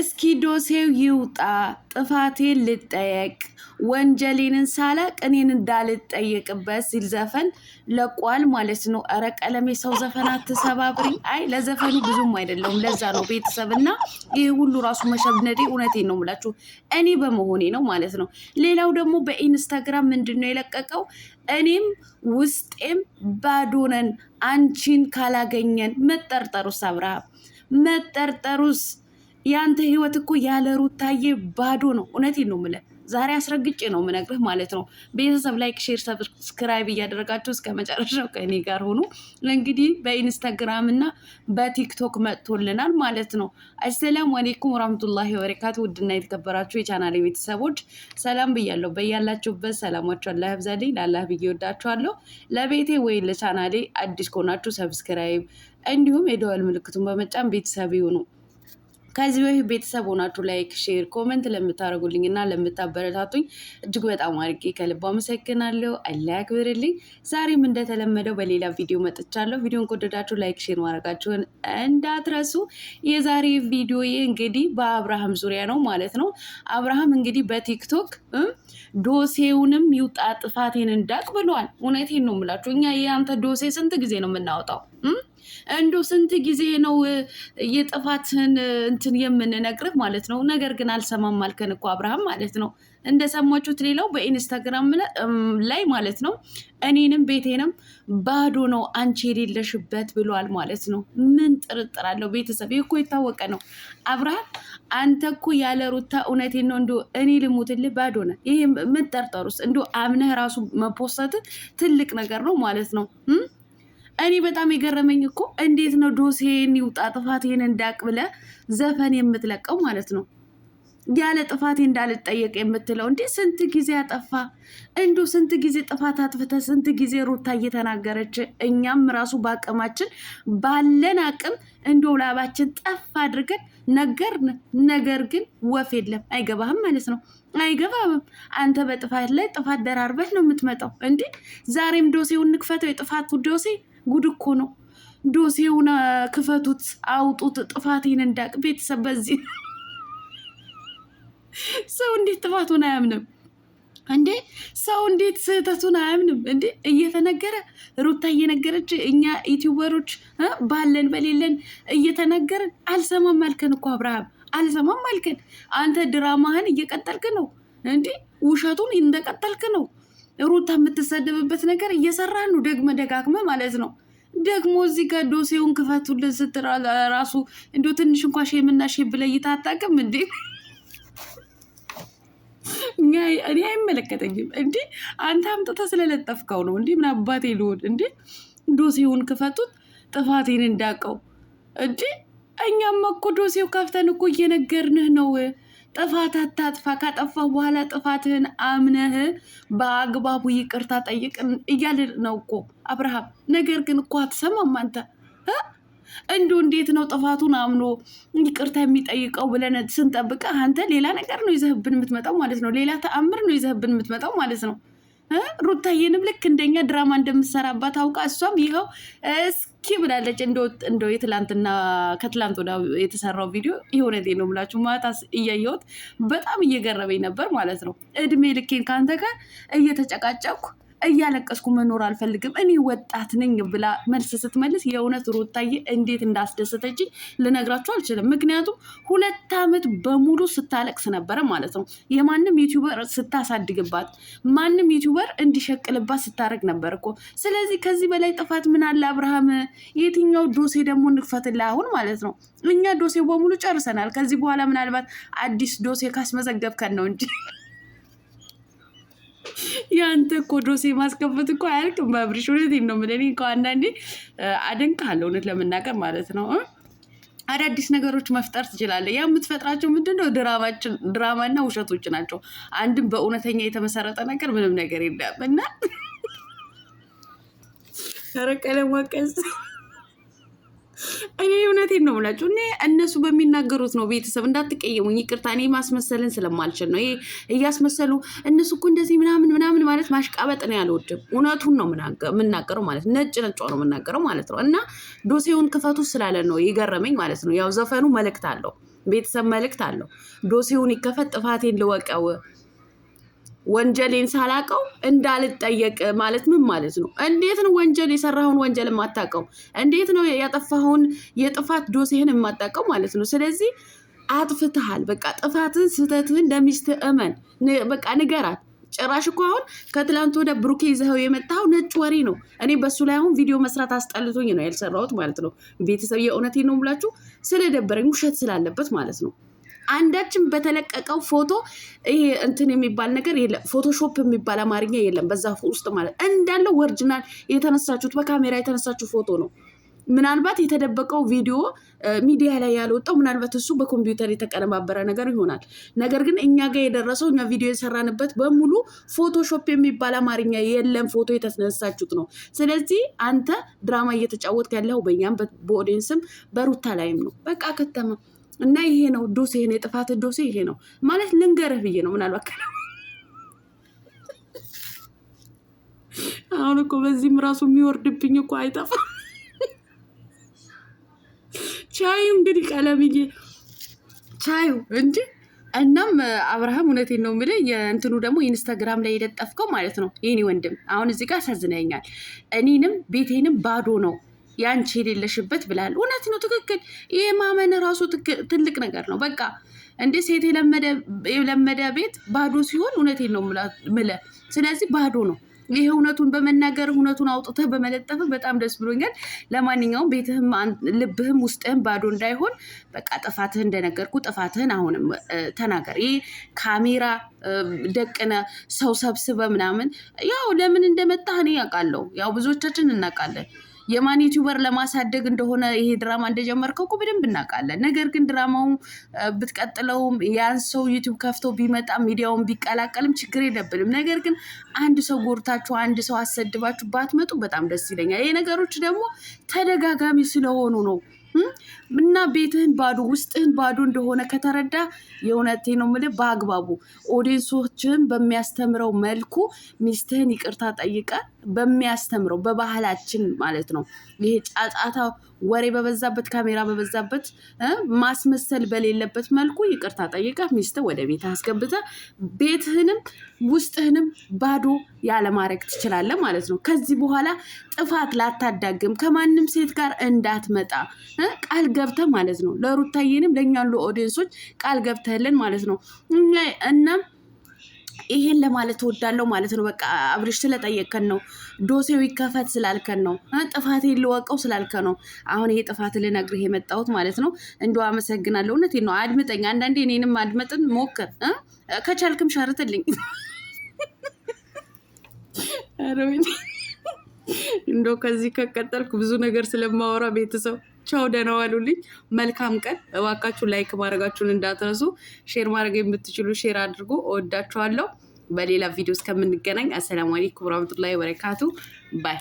እስኪ ዶሴው ይውጣ፣ ጥፋቴን ልጠየቅ፣ ወንጀሌንን ሳላቅ እኔን እንዳልጠየቅበት ሲል ዘፈን ለቋል ማለት ነው። እረ ቀለም የሰው ዘፈን አትሰባብሪ። አይ ለዘፈኑ ብዙም አይደለውም ለዛ ነው ቤተሰብ እና ይህ ሁሉ ራሱ መሸብነዴ። እውነቴን ነው የምላችሁ እኔ በመሆኔ ነው ማለት ነው። ሌላው ደግሞ በኢንስታግራም ምንድን ነው የለቀቀው? እኔም ውስጤም ባዶነን አንቺን ካላገኘን። መጠርጠሩስ አብርሃም መጠርጠሩስ ያንተ ህይወት እኮ ያለ ሩታዬ ባዶ ነው። እውነቴን ነው የምልህ፣ ዛሬ አስረግጬ ነው የምነግርህ ማለት ነው። ቤተሰብ ላይክ፣ ሼር፣ ሰብስክራይብ እያደረጋችሁ እስከ መጨረሻው ከእኔ ጋር ሆኖ እንግዲህ በኢንስታግራም እና በቲክቶክ መጥቶልናል ማለት ነው። አሰላሙ አሌይኩም ወራህመቱላሂ ወበረካቱ። ውድና የተከበራችሁ የቻናል ቤተሰቦች ሰላም ብያለሁ። በያላችሁበት ሰላማችሁ አላህ ያብዛልኝ። ላላህ ብዬ ወዳችኋለሁ። ለቤቴ ወይ ለቻናሌ አዲስ ከሆናችሁ ሰብስክራይብ እንዲሁም የደወል ምልክቱን በመጫን ቤተሰብ ይሁኑ። ከዚህ በፊት ቤተሰብ ሆናችሁ ላይክ፣ ሼር፣ ኮመንት ለምታደርጉልኝ እና ለምታበረታቱኝ እጅግ በጣም አድርጌ ከልብ አመሰግናለሁ። አላህ ያክብርልኝ። ዛሬም እንደተለመደው በሌላ ቪዲዮ መጥቻለሁ። ቪዲዮን ከወደዳችሁ ላይክ፣ ሼር ማድረጋችሁን እንዳትረሱ። የዛሬ ቪዲዮ እንግዲህ በአብርሃም ዙሪያ ነው ማለት ነው። አብርሃም እንግዲህ በቲክቶክ ዶሴውንም ይውጣ ጥፋቴን እንዳቅ ብለዋል። እውነቴን ነው የምላችሁ። እኛ የአንተ ዶሴ ስንት ጊዜ ነው የምናወጣው? እንዶ ስንት ጊዜ ነው የጥፋትን እንትን የምንነግርህ ማለት ነው። ነገር ግን አልሰማም አልከን እኮ አብርሃም ማለት ነው። እንደሰማችሁት ሌላው በኢንስታግራም ላይ ማለት ነው እኔንም ቤቴንም ባዶ ነው አንቺ የሌለሽበት ብሏል ማለት ነው። ምን ጥርጥር አለው? ቤተሰብ እኮ የታወቀ ነው። አብርሃም አንተ እኮ ያለ ሩታ እውነቴን ነው እንዲ እኔ ልሙትልህ ባዶ ነ ይሄ ምን ጠርጠሩስ እንዲ አምነህ ራሱ መፖሰት ትልቅ ነገር ነው ማለት ነው። እኔ በጣም የገረመኝ እኮ እንዴት ነው ዶሴን ይውጣ ጥፋቴን እንዳቅ ብለ ዘፈን የምትለቀው ማለት ነው። ያለ ጥፋቴ እንዳልጠየቅ የምትለው እንዴ? ስንት ጊዜ አጠፋ እንዶ ስንት ጊዜ ጥፋት አጥፍተ ስንት ጊዜ ሩታ እየተናገረች እኛም ራሱ በአቅማችን ባለን አቅም እንዶ ላባችን ጠፍ አድርገን ነገር ነገር ግን ወፍ የለም አይገባህም ማለት ነው። አይገባም አንተ በጥፋት ላይ ጥፋት ደራርበት ነው የምትመጣው እንዴ? ዛሬም ዶሴውን ንክፈተው የጥፋቱ ዶሴ ጉድ እኮ ነው። ዶሴውን ክፈቱት፣ አውጡት፣ ጥፋቴን እንዳቅ ቤተሰብ። በዚህ ሰው እንዴት ጥፋቱን አያምንም እንዴ? ሰው እንዴት ስህተቱን አያምንም እንዴ? እየተነገረ ሩታ እየነገረች እኛ ዩቲዩበሮች ባለን በሌለን እየተነገረን አልሰማም አልከን እኮ አብርሃም፣ አልሰማም አልከን አንተ። ድራማህን እየቀጠልክ ነው እንዴ? ውሸቱን እንደቀጠልክ ነው። ሩታ የምትሰደብበት ነገር እየሰራ ነው ደግመ ደጋግመ ማለት ነው። ደግሞ እዚህ ጋር ዶሴውን ክፈቱልን ስትል ራሱ እንዲ ትንሽ እንኳ ሼምና ሼም ብለይታ አታውቅም እንዴ? እኔ አይመለከተኝም እንዲ አንተ አምጥተህ ስለለጠፍከው ነው እንዲ ምን አባቴ ልሆን እንዴ? ዶሴውን ክፈቱት ጥፋቴን እንዳቀው እንዲ እኛም እኮ ዶሴው ከፍተን እኮ እየነገርንህ ነው። ጥፋት አታጥፋ። ካጠፋ በኋላ ጥፋትህን አምነህ በአግባቡ ይቅርታ ጠይቅ እያልን ነው እኮ አብርሃም። ነገር ግን እኮ አትሰማም አንተ። እንዱ እንዴት ነው ጥፋቱን አምኖ ይቅርታ የሚጠይቀው ብለን ስንጠብቀ አንተ ሌላ ነገር ነው ይዘህብን የምትመጣው ማለት ነው። ሌላ ተአምር ነው ይዘህብን የምትመጣው ማለት ነው። ሩታዬንም ልክ እንደኛ ድራማ እንደምሰራባት አውቃ እሷም ይኸው እስኪ ብላለች። እንደው የትላንትና ከትላንት ወደ የተሰራው ቪዲዮ የእውነቴ ነው የምላችሁ ማታ እያየሁት በጣም እየገረበኝ ነበር ማለት ነው። እድሜ ልኬን ከአንተ ጋር እየተጨቃጨኩ እያለቀስኩ መኖር አልፈልግም እኔ ወጣት ነኝ ብላ መልስ ስትመልስ የእውነት ሩታዬ እንዴት እንዳስደሰተች ልነግራችሁ አልችልም። ምክንያቱም ሁለት ዓመት በሙሉ ስታለቅስ ነበረ ማለት ነው። የማንም ዩቲዩበር ስታሳድግባት፣ ማንም ዩቲዩበር እንዲሸቅልባት ስታደርግ ነበር እኮ። ስለዚህ ከዚህ በላይ ጥፋት ምን አለ አብርሃም? የትኛው ዶሴ ደግሞ እንክፈትልህ አሁን ማለት ነው። እኛ ዶሴ በሙሉ ጨርሰናል። ከዚህ በኋላ ምናልባት አዲስ ዶሴ ካስመዘገብከን ነው እንጂ ያንተ እኮ ዶሴ ማስከፈት እኮ አያልቅም በአብርሽ። እውነቴን ነው የምልህ። እኔ እኮ አንዳንዴ አደንቅሃለሁ እውነት ለመናገር ማለት ነው። አዳዲስ ነገሮች መፍጠር ትችላለህ። ያ የምትፈጥራቸው ምንድነው? ድራማና ውሸቶች ናቸው። አንድም በእውነተኛ የተመሰረተ ነገር ምንም ነገር የለም እና ኧረ ቀለም ቀስ እኔ እውነቴን ነው የምላችሁ እኔ እነሱ በሚናገሩት ነው ቤተሰብ እንዳትቀየሙኝ፣ ይቅርታ እኔ ማስመሰልን ስለማልችል ነው። ይሄ እያስመሰሉ እነሱ እኮ እንደዚህ ምናምን ምናምን ማለት ማሽቃበጥ ነው ያልወድም። እውነቱን ነው የምናገረው ማለት ነጭ ነጫ ነው የምናገረው ማለት ነው። እና ዶሴውን ክፈቱ ስላለ ነው የገረመኝ ማለት ነው። ያው ዘፈኑ መልእክት አለው፣ ቤተሰብ መልእክት አለው። ዶሴውን ይከፈት፣ ጥፋቴን ልወቀው ወንጀሌን ሳላቀው እንዳልጠየቅ ማለት ምን ማለት ነው? እንዴት ነው ወንጀል የሰራኸውን ወንጀል የማታቀው? እንዴት ነው ያጠፋኸውን የጥፋት ዶሴህን የማታቀው ማለት ነው? ስለዚህ አጥፍትሃል፣ በቃ ጥፋትን፣ ስህተትህን ለሚስትህ እመን፣ በቃ ንገራት። ጭራሽ እኮ አሁን ከትላንት ወደ ብሩኬ ይዘኸው የመጣኸው ነጭ ወሬ ነው። እኔ በሱ ላይ አሁን ቪዲዮ መስራት አስጠልቶኝ ነው ያልሰራሁት ማለት ነው። ቤተሰብ የእውነቴ ነው ብላችሁ ስለደበረኝ ውሸት ስላለበት ማለት ነው። አንዳችን በተለቀቀው ፎቶ ይሄ እንትን የሚባል ነገር የለም። ፎቶሾፕ የሚባል አማርኛ የለም በዛ ውስጥ ማለት እንዳለው ወርጅናል የተነሳችሁት በካሜራ የተነሳችሁ ፎቶ ነው። ምናልባት የተደበቀው ቪዲዮ ሚዲያ ላይ ያልወጣው ምናልባት እሱ በኮምፒውተር የተቀነባበረ ነገር ይሆናል። ነገር ግን እኛ ጋር የደረሰው እኛ ቪዲዮ የሰራንበት በሙሉ ፎቶሾፕ የሚባል አማርኛ የለም። ፎቶ የተነሳችሁት ነው። ስለዚህ አንተ ድራማ እየተጫወትክ ያለው በእኛም በኦዲየንስም በሩታ ላይም ነው። በቃ ከተማ እና ይሄ ነው ዶሴ ይሄ ነው የጥፋት ዶሴ ይሄ ነው ማለት ልንገርህ ብዬ ነው። ምናልባት አሁን እኮ በዚህም ራሱ የሚወርድብኝ እኮ አይጠፋም። ቻዩ እንግዲህ ቀለምዬ ቻዩ እንጂ እናም አብርሃም እውነቴን ነው የምልህ። የእንትኑ ደግሞ ኢንስታግራም ላይ የለጠፍከው ማለት ነው የኔ ወንድም፣ አሁን እዚህ ጋር አሳዝነኛል። እኔንም ቤቴንም ባዶ ነው ያንቺ የሌለሽበት ብላል። እውነት ነው፣ ትክክል። ይሄ ማመን ራሱ ትልቅ ነገር ነው። በቃ እንደ ሴት የለመደ ቤት ባዶ ሲሆን እውነት ነው ምለ ስለዚህ ባዶ ነው። ይሄ እውነቱን በመናገር እውነቱን አውጥተህ በመለጠፍ በጣም ደስ ብሎኛል። ለማንኛውም ቤትህም ልብህም ውስጥህም ባዶ እንዳይሆን በቃ ጥፋትህ እንደነገርኩ ጥፋትህን አሁንም ተናገር። ይህ ካሜራ ደቅነ ሰው ሰብስበ ምናምን ያው ለምን እንደመጣህ እኔ ያውቃለሁ። ያው ብዙዎቻችን እናውቃለን። የማን ዩቲዩበር ለማሳደግ እንደሆነ ይሄ ድራማ እንደጀመርከው እኮ በደንብ እናውቃለን። ነገር ግን ድራማው ብትቀጥለውም ያን ሰው ዩቲዩብ ከፍቶ ቢመጣ ሚዲያውን ቢቀላቀልም ችግር የለብንም። ነገር ግን አንድ ሰው ጎርታችሁ፣ አንድ ሰው አሰድባችሁ ባትመጡ በጣም ደስ ይለኛል። ይሄ ነገሮች ደግሞ ተደጋጋሚ ስለሆኑ ነው እና ቤትህን ባዶ ውስጥህን ባዶ እንደሆነ ከተረዳ የእውነቴ ነው የምልህ። በአግባቡ ኦዲየንሶችህን በሚያስተምረው መልኩ ሚስትህን ይቅርታ ጠይቀ በሚያስተምረው በባህላችን ማለት ነው። ይሄ ጫጫታ ወሬ በበዛበት ካሜራ በበዛበት ማስመሰል በሌለበት መልኩ ይቅርታ ጠይቀ ሚስት ወደ ቤት አስገብተ ቤትህንም ውስጥህንም ባዶ ያለማድረግ ትችላለህ ማለት ነው። ከዚህ በኋላ ጥፋት ላታዳግም ከማንም ሴት ጋር እንዳትመጣ ቃል ገብተ ማለት ነው ለሩታዬንም ለእኛ ያሉ ኦዲየንሶች ቃል ገብተልን ማለት ነው እና ይሄን ለማለት እወዳለሁ ማለት ነው። በቃ አብርሽ ስለጠየቅከን ነው፣ ዶሴው ይከፈት ስላልከን ነው፣ ጥፋት ልወቀው ስላልከ ነው። አሁን ይሄ ጥፋት ልነግርህ የመጣሁት ማለት ነው። እንዲ አመሰግናለሁ። እውነቴን ነው። አድምጠኝ። አንዳንዴ እኔንም አድመጥን ሞክር። ከቻልክም ሸርትልኝ። እንደው ከዚህ ከቀጠልኩ ብዙ ነገር ስለማወራ ቤተሰብ ቻው፣ ደህና ዋሉልኝ። መልካም ቀን። እባካችሁ ላይክ ማድረጋችሁን እንዳትረሱ። ሼር ማድረግ የምትችሉ ሼር አድርጎ እወዳችኋለሁ። በሌላ ቪዲዮ እስከምንገናኝ አሰላሙ አለይኩም ወራህመቱላሂ ወበረካቱ ባይ